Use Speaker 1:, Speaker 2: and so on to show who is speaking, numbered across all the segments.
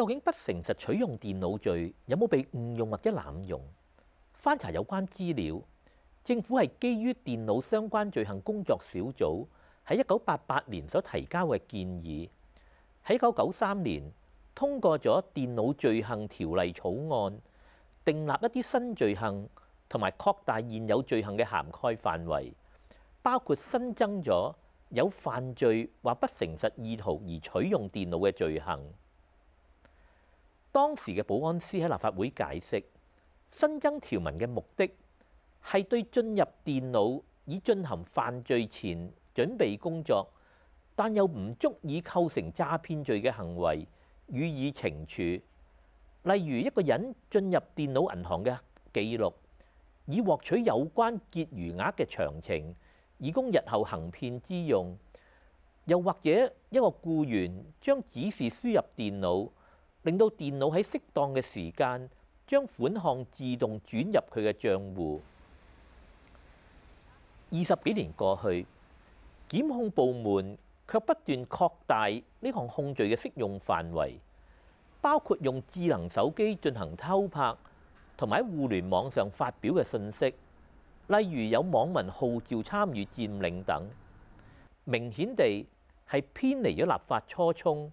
Speaker 1: 究竟不誠實取用電腦罪有冇被誤用或者濫用？翻查有關資料，政府係基於電腦相關罪行工作小組喺一九八八年所提交嘅建議，喺一九九三年通過咗電腦罪行條例草案，訂立一啲新罪行同埋擴大現有罪行嘅涵蓋範圍，包括新增咗有犯罪或不誠實意圖而取用電腦嘅罪行。當時嘅保安司喺立法會解釋，新增條文嘅目的係對進入電腦以進行犯罪前準備工作，但又唔足以構成詐騙罪嘅行為予以懲處。例如一個人進入電腦銀行嘅記錄，以獲取有關結餘額嘅詳情，以供日後行騙之用；又或者一個僱員將指示輸入電腦。令到電腦喺適當嘅時間將款項自動轉入佢嘅帳戶。二十幾年過去，檢控部門卻不斷擴大呢項控罪嘅適用範圍，包括用智能手機進行偷拍，同埋喺互聯網上發表嘅信息，例如有網民號召參與佔領等，明顯地係偏離咗立法初衷。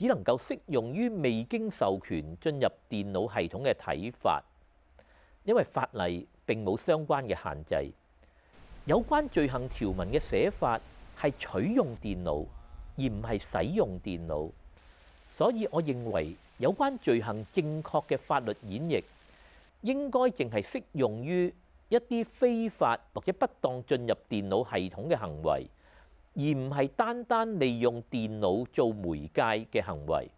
Speaker 1: 只能夠適用於未經授權進入電腦系統嘅睇法，因為法例並冇相關嘅限制。有關罪行條文嘅寫法係取用電腦，而唔係使用電腦，所以我認為有關罪行正確嘅法律演繹，應該淨係適用於一啲非法或者不當進入電腦系統嘅行為。而唔係單單利用電腦做媒介嘅行為。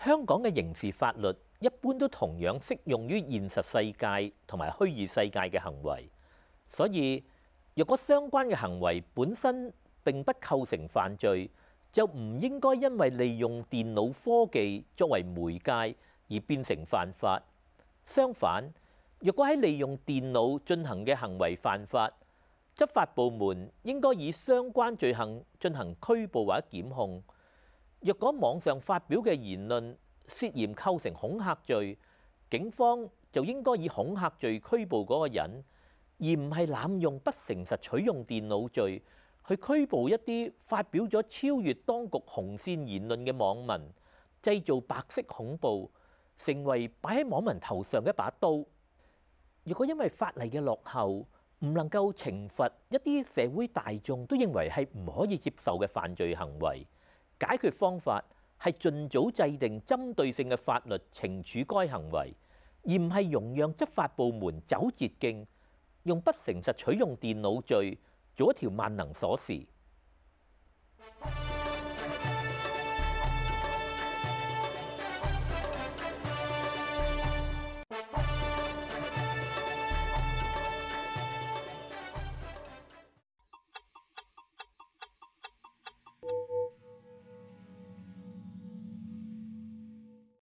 Speaker 1: 香港嘅刑事法律一般都同樣適用於現實世界同埋虛擬世界嘅行為。所以，若果相關嘅行為本身並不構成犯罪，就唔應該因為利用電腦科技作為媒介而變成犯法。相反，若果喺利用電腦進行嘅行為犯法，執法部門應該以相關罪行進行拘捕或者檢控。若果網上發表嘅言論涉嫌構成恐嚇罪，警方就應該以恐嚇罪拘捕嗰個人，而唔係濫用不誠實取用電腦罪去拘捕一啲發表咗超越當局紅線言論嘅網民，製造白色恐怖，成為擺喺網民頭上嘅一把刀。若果因為法例嘅落後，唔能夠懲罰一啲社會大眾都認為係唔可以接受嘅犯罪行為，解決方法係盡早制定針對性嘅法律懲處該行為，而唔係容讓執法部門走捷徑，用不誠實取用電腦罪做一條萬能鎖匙。